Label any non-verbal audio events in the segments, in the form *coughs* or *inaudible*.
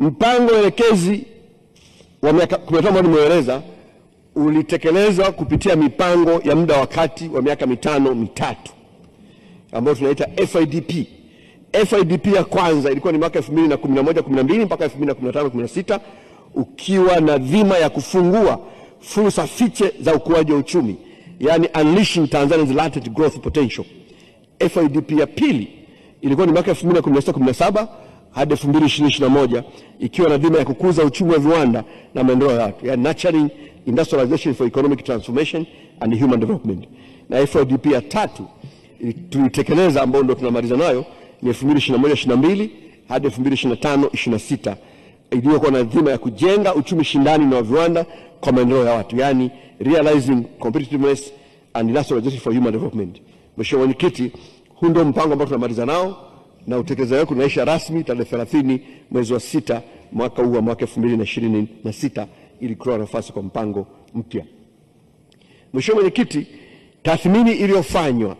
Mpango elekezi wa miaka 15 ambao nimeeleza ulitekelezwa kupitia mipango ya muda wa kati wa miaka mitano mitatu ambayo tunaita FIDP. FIDP ya kwanza ilikuwa ni mwaka 2011 12 mpaka 2015 16 ukiwa na dhima ya kufungua fursa fiche za ukuaji wa uchumi, yani unleashing Tanzania's latent growth potential. FIDP ya pili ilikuwa ni mwaka 2016 17 hadi moja ikiwa na dhima ya kukuza uchumi wa viwanda na maendeleo ya watu, yani nurturing industrialization for economic transformation and human development. Na FDP ya tatu eh, tulitekeleza ambayo ndio tunamaliza nayo ni 2021-22 hadi 2025-26 iliyokuwa na dhima ya kujenga uchumi shindani na wa viwanda kwa maendeleo ya watu, yani realizing competitiveness and industrialization for human development. Mheshimiwa Mwenyekiti, huu ndio mpango ambao tunamaliza nao na utekelezaji wake unaisha rasmi tarehe 30 mwezi wa sita mwaka huu wa mwaka 2026 ili kutoa nafasi kwa mpango mpya. Mheshimiwa Mwenyekiti, tathmini iliyofanywa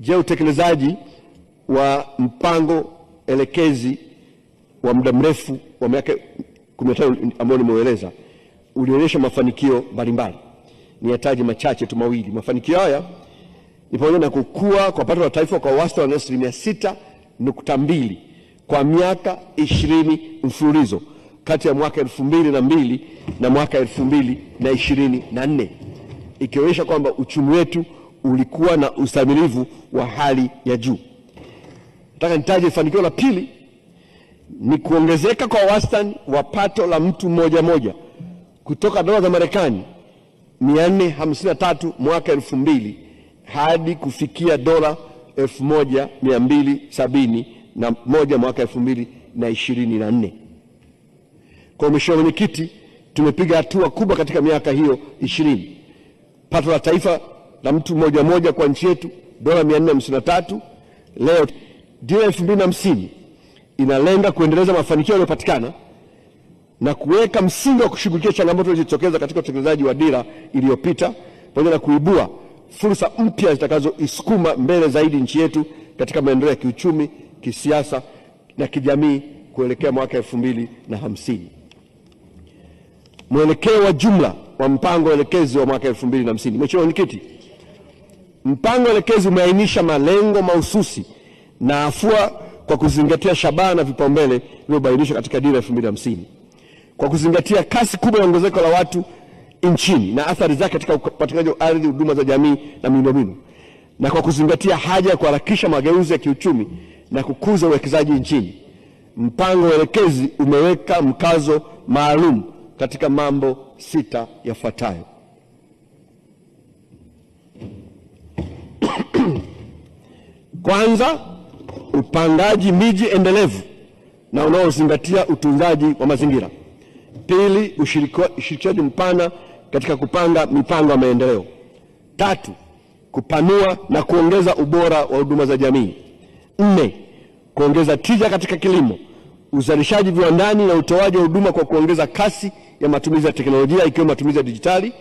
je, utekelezaji wa mpango elekezi wa muda mrefu wa miaka 15 ambao nimeueleza ulionyesha mafanikio mbalimbali. yataji machache tu mawili. Mafanikio haya ni pamoja na kukua kwa pato la taifa kwa wastani wa asilimia sita nukta mbili kwa miaka ishirini mfululizo kati ya mwaka elfu mbili na mbili na mwaka elfu mbili na ishirini na nne ikionyesha kwamba uchumi wetu ulikuwa na ustahimilivu wa hali ya juu. Nataka nitaje fanikio la pili ni kuongezeka kwa wastani wa pato la mtu mmoja moja kutoka dola za Marekani 453 mwaka elfu mbili hadi kufikia dola moja mwaka 2024. Kwa Mheshimiwa Mwenyekiti, tumepiga hatua kubwa katika miaka hiyo ishirini. Pato la taifa la mtu mmoja mmoja kwa nchi yetu dola 453 leo. Dira 2050 inalenga kuendeleza mafanikio yaliyopatikana na kuweka msingi wa kushughulikia changamoto zilizojitokeza katika utekelezaji wa dira iliyopita pamoja na kuibua fursa mpya zitakazoisukuma mbele zaidi nchi yetu katika maendeleo ya kiuchumi, kisiasa na kijamii kuelekea mwaka elfu mbili na hamsini. Mwelekeo wa jumla wa mpango elekezi wa mwaka elfu mbili na hamsini. Mheshimiwa Mwenyekiti, mpango elekezi umeainisha malengo mahususi na afua kwa kuzingatia shabaha na vipaumbele vilivyobainishwa katika dira elfu mbili na hamsini. Kwa kuzingatia kasi kubwa ya ongezeko la watu nchini na athari zake katika upatikanaji wa ardhi, huduma za jamii na miundombinu, na kwa kuzingatia haja ya kuharakisha mageuzi ya kiuchumi na kukuza uwekezaji nchini, mpango elekezi umeweka mkazo maalum katika mambo sita yafuatayo. *coughs* Kwanza, upangaji miji endelevu na unaozingatia utunzaji wa mazingira. Pili, ushirikiaji mpana katika kupanga mipango ya maendeleo. Tatu, kupanua na kuongeza ubora wa huduma za jamii. Nne, kuongeza tija katika kilimo, uzalishaji viwandani na utoaji wa huduma kwa kuongeza kasi ya matumizi ya teknolojia ikiwemo matumizi ya dijitali,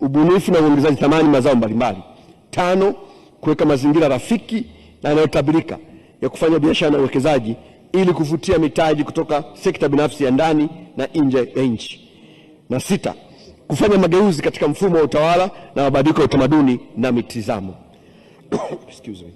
ubunifu na uongezaji thamani mazao mbalimbali. Tano, kuweka mazingira rafiki na yanayotabirika ya kufanya biashara na uwekezaji ili kuvutia mitaji kutoka sekta binafsi ya ndani na nje ya nchi. Na sita kufanya mageuzi katika mfumo wa utawala na mabadiliko ya utamaduni na mitizamo. *coughs* Excuse me.